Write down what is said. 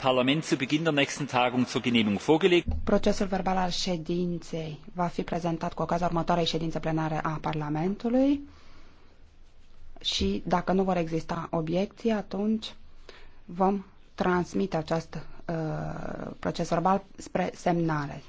Parlament zu Beginn der nächsten Tagung zur Genehmigung vorgelegt. Procesul verbal al ședinței va fi prezentat cu ocazia următoarei ședințe plenare a Parlamentului și dacă nu vor exista obiecții, atunci vom transmite acest uh, proces verbal spre semnare.